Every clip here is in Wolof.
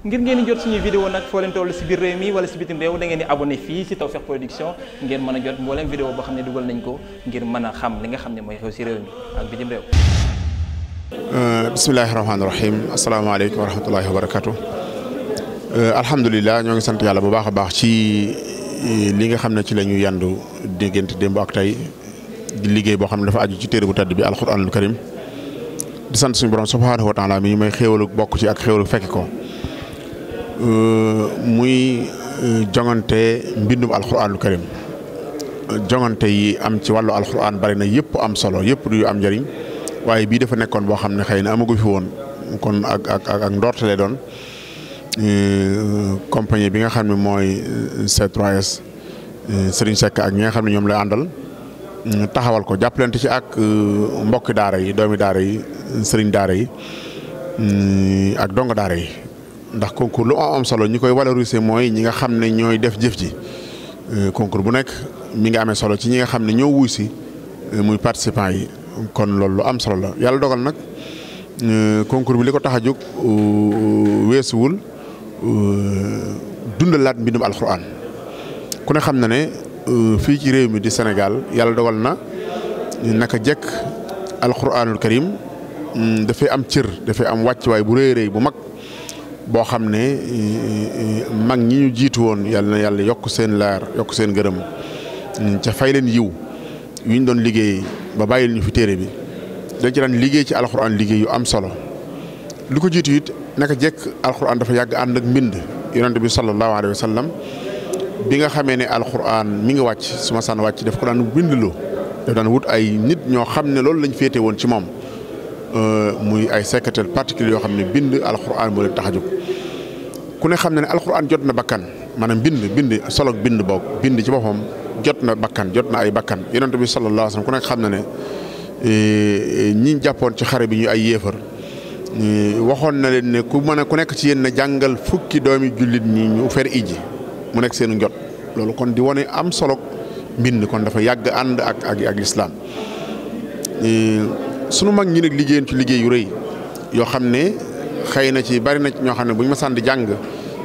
ngir ngeen di jot suñuy vidéo nag foo leen toll si biir réew mi wala si bitim réew da ngeen di abonné fii si Tawfekh Production ngeen mën a jot mbooleem vidéo boo xam ne dugal nañ ko ngir mën a xam li nga xam ne mooy xew si réew mi ak bitim réew euh, bismillahi rahmaani rahim asalaamaaleykum euh, ñoo ngi sant yàlla bu baax a baax ci euh, li nga xam ne ci la ñu yandu diggante démb ak tey di boo xam ne dafa aju ci téere bu bi alxuraanul karim di sant suñu borom subhaanahu wa taala mi may xéewalu bokk ci ak xéewalu fekk ko muy euh, jongante mbindum alxuraanul karim jongante yi am ci wàllu alxuraan bari na yëpp am solo yëpp du am njëriñ waaye bii dafa nekkoon boo xam ne xëy na amagu fi woon kon ak ak ak ndoortale doon euh, compagnie bi nga xam ne mooy euh, C3S Serigne Seck ak ñi nga xam ne ñoom la àndal taxawal ko jàppalante ci ak mbokki daara yi doomi daara yi sëriñ daara yi ak dong daara yi. ndax concours lu am am solo ñi koy valoriser mooy ñi nga xam ne ñooy def jëf ji euh, concours bu nekk mi nga amee solo ci ñi nga xam ne ñoo wuy si euh, muy participants yi kon loolu lu am solo la yàlla dogal nag euh, concours bi li ko tax a jóg weesuwul dundalaat mbindum alxuraan ku ne xam na ne fii ci réew mi di Sénégal yàlla dogal na naka jekk alxuraanul karim mm, dafay am cër dafay am wàccuwaay bu rëy rëy bu mag. boo xam ne eh, eh, mag ñi ñu jiitu woon yàlla na yàlla yokk seen laar yokk seen gërëm ca fay leen yiw yu ñu doon liggéey ba bàyyil ñu fi téere bi dañ ci daan liggéey ci alxuraan liggéey yu am solo lu ko jiitu it naka jekk alxuraan dafa yàgg ànd ak mbind yonent bi sallallahu alayhi wa sallam bi nga xamee ne alxuraan mi ngi wàcc su ma saan wàcc daf ko daan bindloo daf daan wut ay nit ñoo xam ne loolu lañ féete woon ci moom Euh, muy ay secrétaire particulier yoo xam ne bind alxuraan moo leen tax a ku ne xam na ne alxuraan jot na bakkan maanaam bind bind solo bind boog bind ci boppam jot na bakkan jot na ay bakkan yonent bi sallallahu alayhi wasallam ku ne xam na ne eh, ñi jàppoon ci xare bi ñu ay yéefar eh, waxoon na leen ne ku mën a ku nekk ci yéen jàngal fukki doomi jullit ñi ñu fer iji mu nekk seen jot loolu kon di wane am solo bind kon dafa yàgg ànd ak ak ak lislaam eh, sunu mag ñi ne liggéeyoon ci liggéey yu rëy yoo xam ne xëy na ci bari nañ ñoo xam ne bu ñu ma sànd jàng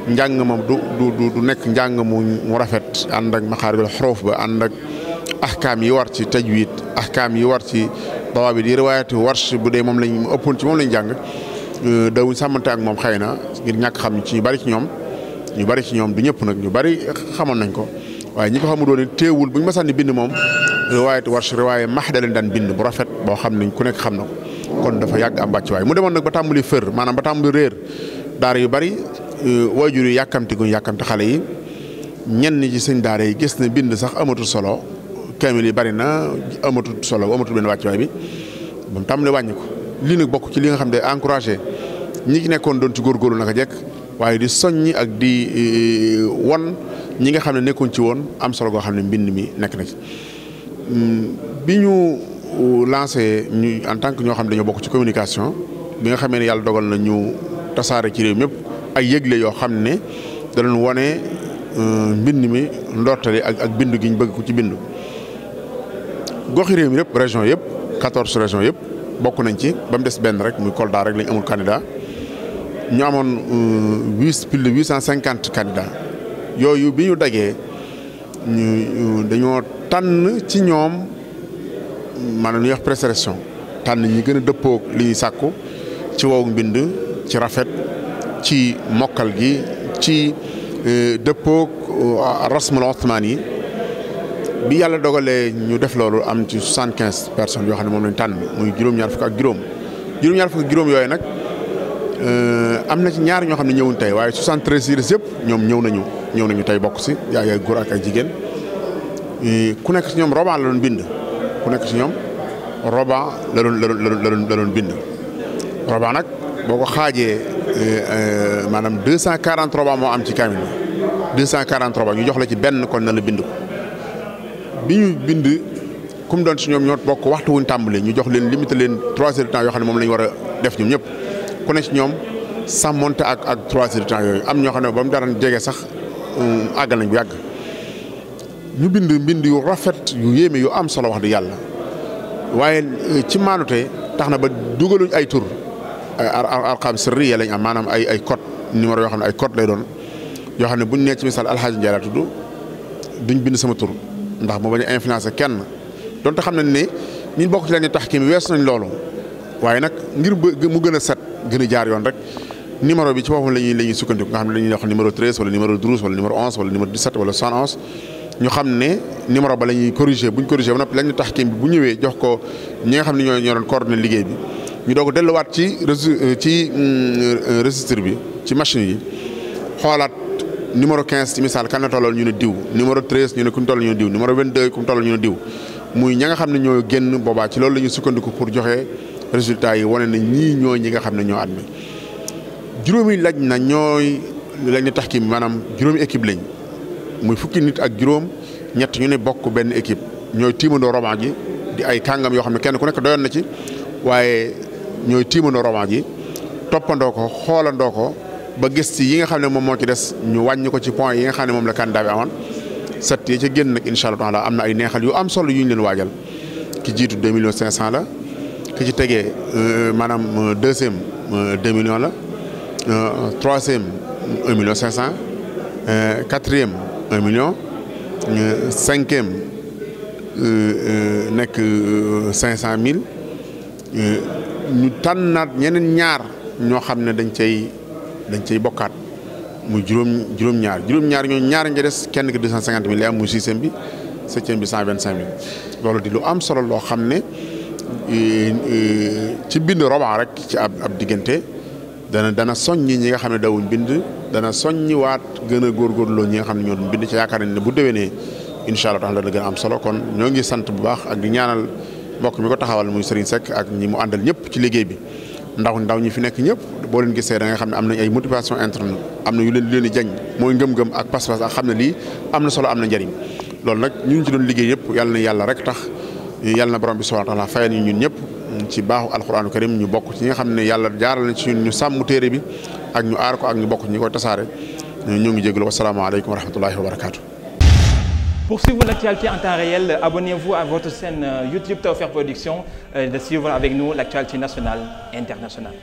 njàng ma du du du nekk njàng mu mu rafet ànd ak maxaaribul xuruf ba ànd ak ahkaam yi war ci tajwid ahkaam yi war ci dawaabit yi riwaayati warsh bu dee moom lañ ëppoon ci moom lañ jàng euh, dawuñ sàmmante ak moom xëy na ngir ñàkk xam ci ñu bari ci ñoom ñu bari ci ñoom du ñëpp nag ñu bari xamoon nañ ko waaye ñi ko xamul woon teewul bu ñu ma sànni bind moom waaye riwaayatu warsh waaye max da leen daan bind bu rafet boo xam ne ku nekk xam na ko kon dafa yàgg am waay mu demoon nag ba tàmbali fër maanaam ba tàmbali réer daara yu bari euh, waajur yi yàkkamti guñ yàkkamti xale yi ñenn ci sëñ daara yi gis na bind sax amatul solo kaamil yi bari na amatul solo amatul benn wàccuwaay bi ba mu tàmbali wàññi ko lii nag bokk ci li nga xam ne encouragé ñi ci nekkoon doon ci góor góorgóorlu naka jekk waaye di soññi ak di euh, won ñi nga xam ne nekkoon ci woon am solo goo xam ne mbind mi nekk na ci. Hmm, bi ñu euh, lancé ñu en tant que ñoo xam ne dañoo bokk ci communication bi nga xamee ne yàlla dogal na ñu tasaare ci réew mépp ay yëgle yoo xam ne da doon wane euh, mbind mi ndortali ak ak bindu gi ñu bëgg ko ci bindu goxi réew mi yëpp région yëpp quatorze régions yëpp bokk nañ ci bam mu des benn rek muy Kolda rek lañ amul candidat ñu amoon euh, huit de huit cent cinquante candidats yooyu bi ñu dajee dañoo tànn ci ñoom maanaam nu wax prestation tànn ñi gën a dëppoog li ñuy sàkku ci wow mbind ci rafet ci mokkal gi ci euh, dëppoog euh, rasmul osmaan yi bi yàlla dogalee ñu def loolu am ci soixante quinze personnes yoo xam ne moom lañ tànn muy juróom-ñaar fukk ak juróom juróom-ñaar fukk ak juróom yooyu nag euh, am na ci ñaar ñoo xam ne ñëwuñ tey waaye soixante treize yi des yëpp ñoom ñëw nañu ñëw nañu tey bokk si yaay góor ak ay jigéen ku nekk si ñoom roman la doon bind ku nekk si ñoom roman la la la doon bind roman nag boo ko xaajee euh, maanaam deux cent quarante roman moo am ci kaamil bi cent quarante ñu jox la ci benn kon na la bind ko bi ñu bind kum doon si ñoom ñoo bokk waxtu wuñ tàmbalee ñu jox leen limité leen trois heures de temps yoo xam ne moom la ñu war a def ñoom ñëpp ku ne si ñoom sàmmonte ak ak trois heures temps yooyu am ñoo xam ne ba mu daan jege sax euh, àgg nañ bu yàgg. ñu bind mbind yu rafet yu yéeme yu am solo wax di yàlla waaye euh, ci maanute tax na ba dugaluñ ay tur ay arqam sirriya lañ am maanaam ay ay code numéro yoo xam ne ay cote lay doon yoo xam ne buñ nee ci misaal alxaaji Njaay laa tudd duñ bind sama tur ndax mu bañ a influencer kenn donte xam nañ ni ñi bokk ci lañu tax kii mi wees nañ loolu waaye nag ngir mu gën a set gën a jaar yoon rek numéro bi ci boppam la sukkandiku nga xam ne la ñuy ñu xam ne numéro ba la ñuy corrigé bu ñu corrigé ba noppi la tax kim bi bu ñëwee jox ko ñi nga xam ne ñoo ñoo doon coordonné liggéey bi ñu doog delluwaat ci euh, ci euh, registre bi ci machine yi xoolaat numéro 15 ci misaal kan la ñu ne diw numéro 13 ñu ne ku toll ñu diw numéro 22 ku ñu ne diw muy nga xam ne ñoo génn boobaa ci loolu la sukkandiku pour joxe résultat yi wane na ñii ñooy ñi nga xam ne ñoo admis juróomi laaj na ñooy lañ tax kim maanaam juróomi équipe lañ. muy fukki nit ak juróom ñett ñu ne bokk benn équipe ñooy tiimandoo roman ji di ay kàngam yoo xam ne kenn ku nekk doyoon na ci waaye ñooy tiimandoo roman ji toppandoo ko xoolandoo ko ba gis ci yi nga xam ne moom moo ci des ñu wàññi ko ci point yi nga xam ne moom la candidat bi amoon set yi ca génn nag incha allah taala am na ay neexal yu am solo yu ñu leen waajal ki jiitu deux millions cinq cent la ki ci tegee euh, maanaam euh, deuxième euh, deux millions la troisième un million cinq cent quatrième un million euh, cinquième euh, euh, nekk cinq cent mille ñu tànnaat ñeneen ñaar ñoo xam ne dañ cay dañ cay bokkaat mu juróom juróom-ñaar juróom-ñaar ñoo ñaar nga des kenn ki deux cent cinquante mille lay am bi septième bi cent vingt cinq mille loolu di lu am solo loo xam ne ci bind roman rek ci ab ab diggante dana dana soññi ñi nga xam ne dawuñ bind dana soññi waat gën a góorgóorloo ñi nga xam ne ñoo doon bind ci yaakaar nañ ne bu déwénee incha allah taala dana gën a am solo kon ñoo ngi sant bu baax ak di ñaanal mbokk mi ko taxawal muy Serigne sekk ak ñi mu àndal ñëpp ci liggéey bi ndaw ndaw ñi fi nekk ñëpp boo leen gisee da nga xam ne am nañ ay motivation interne am na yu leen leen di jañ mooy ngëm-ngëm ak pas-pas ak xam ne lii am na solo am na njëriñ loolu nag ñun ci doon liggéey yëpp yàlla yàlla rek tax yàlla na borom bi subhanahu wa taala fayal ñu ñun ñëpp ci baaxu alxuraanu karim ñu bokk ci ñi nga xam ne yàlla jaaral na ci ñun ñu sàmm téere bi ak ñu aar ko ak ñu bokk ñi koy tasaare ñoo ngi jégalu wasalaamaaleykum wa rahmatullahi wa barakaatu. Pour suivre l'actualité en temps réel, abonnez-vous à votre chaîne euh, YouTube Tawfekh Production euh, et de suivre avec nous l'actualité nationale et internationale.